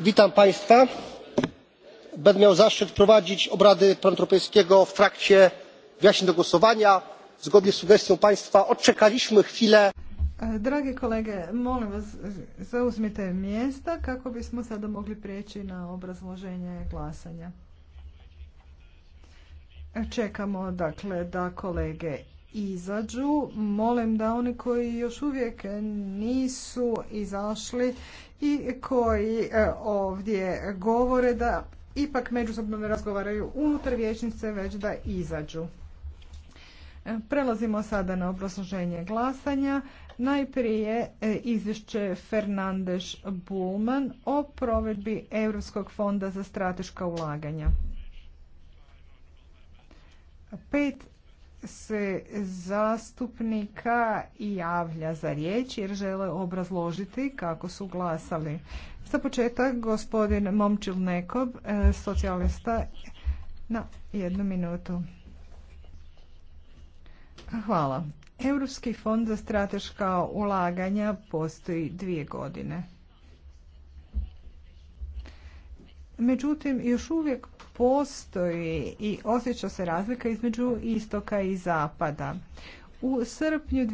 witam państwa. będę miał zaszczyt prowadzić obrady parlamentu europejskiego w trakcie wyjaśnień do głosowania. zgodnie z sugestią państwa odczekaliśmy chwilę. E, dragi kolege, molim vas zauzmite mjesta kako bismo sada mogli prijeći na obrazloženje glasanja. E, čekamo dakle da kolege izađu. Molim da oni koji još uvijek nisu izašli i koji e, ovdje govore da ipak međusobno ne razgovaraju unutar vijećnice, već da izađu. E, prelazimo sada na obrazloženje glasanja. Najprije e, izvješće Fernandeš Bulman o provedbi Europskog fonda za strateška ulaganja. Pet se zastupnika i javlja za riječ jer žele obrazložiti kako su glasali. Za početak gospodin Momčil Nekob, e, socijalista, na jednu minutu. Hvala. Europski fond za strateška ulaganja postoji dvije godine. Međutim, još uvijek postoji i osjeća se razlika između istoka i zapada. U srpnju